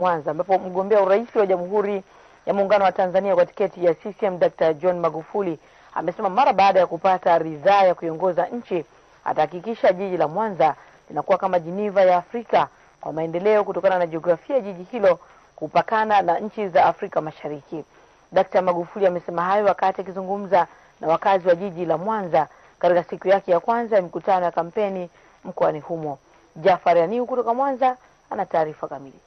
Mwanza ambapo mgombea urais wa Jamhuri ya Muungano wa Tanzania kwa tiketi ya CCM Dr. John Magufuli amesema mara baada ya kupata ridhaa ya kuiongoza nchi atahakikisha jiji la Mwanza linakuwa kama Geneva ya Afrika kwa maendeleo kutokana na jiografia ya jiji hilo kupakana na nchi za Afrika Mashariki. Dr. Magufuli amesema hayo wakati akizungumza na wakazi wa jiji la Mwanza katika siku yake ya kwanza ya mikutano ya kampeni mkoani humo. Jafari Aniu kutoka Mwanza ana taarifa kamili.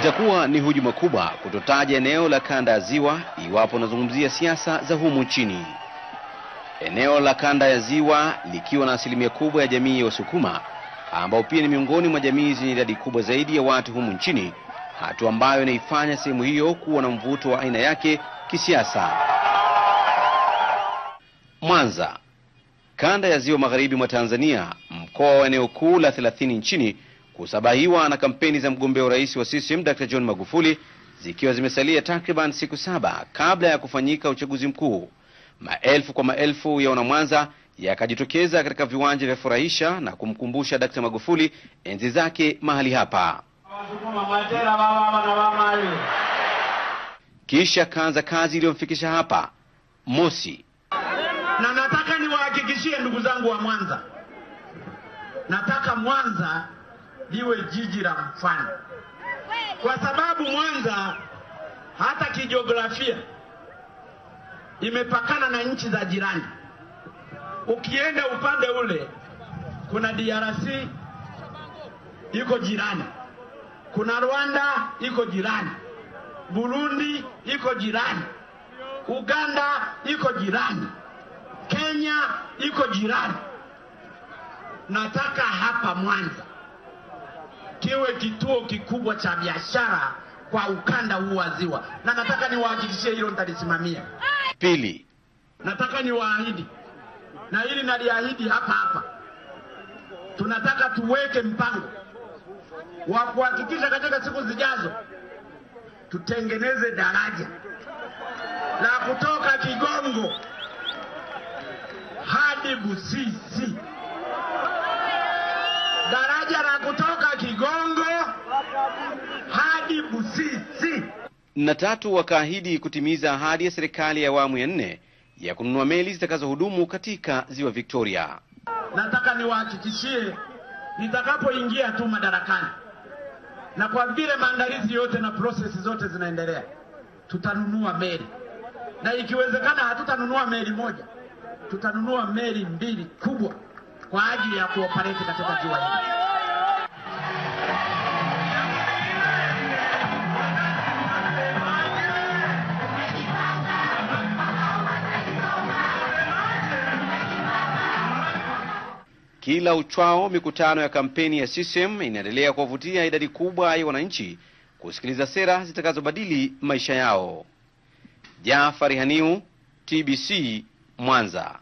Itakuwa ni hujuma kubwa kutotaja eneo la kanda ya Ziwa iwapo unazungumzia siasa za humu nchini. Eneo la kanda ya Ziwa likiwa na asilimia kubwa ya jamii ya Wasukuma ambao pia ni miongoni mwa jamii zenye idadi kubwa zaidi ya watu humu nchini, hatua ambayo inaifanya sehemu hiyo kuwa na mvuto wa aina yake kisiasa. Mwanza, kanda ya Ziwa magharibi mwa Tanzania, mkoa wa eneo kuu la 30 nchini kusabahiwa na kampeni za mgombea urais wa CCM Dr. John Magufuli zikiwa zimesalia takriban siku saba kabla ya kufanyika uchaguzi mkuu, maelfu kwa maelfu ya wanamwanza yakajitokeza katika viwanja vya furahisha na kumkumbusha Dr. Magufuli enzi zake mahali hapa. Kisha kaanza kazi iliyomfikisha hapa Mosi. Na nataka niwahakikishie ndugu zangu wa Mwanza, nataka Mwanza liwe jiji la mfano, kwa sababu Mwanza hata kijiografia imepakana na nchi za jirani. Ukienda upande ule kuna DRC iko jirani, kuna Rwanda iko jirani, Burundi iko jirani, Uganda iko jirani, Kenya iko jirani. Nataka hapa Mwanza kiwe kituo kikubwa cha biashara kwa ukanda huu wa Ziwa, na nataka niwahakikishie hilo nitalisimamia. Pili, nataka niwaahidi na hili naliahidi hapa hapa, tunataka tuweke mpango wa kuhakikisha katika siku zijazo tutengeneze daraja la kutoka Kigongo hadi Busisi, daraja la kutoka na tatu wakaahidi kutimiza ahadi ya serikali ya awamu ya nne ya kununua meli zitakazohudumu katika ziwa Victoria. Nataka niwahakikishie nitakapoingia tu madarakani, na kwa vile maandalizi yote na prosesi zote zinaendelea, tutanunua meli na ikiwezekana, hatutanunua meli moja, tutanunua meli mbili kubwa kwa ajili ya kuopareti katika ziwa hili. Kila uchwao mikutano ya kampeni ya CCM inaendelea kuwavutia idadi kubwa ya wananchi kusikiliza sera zitakazobadili maisha yao. Jafari Haniu, TBC, Mwanza.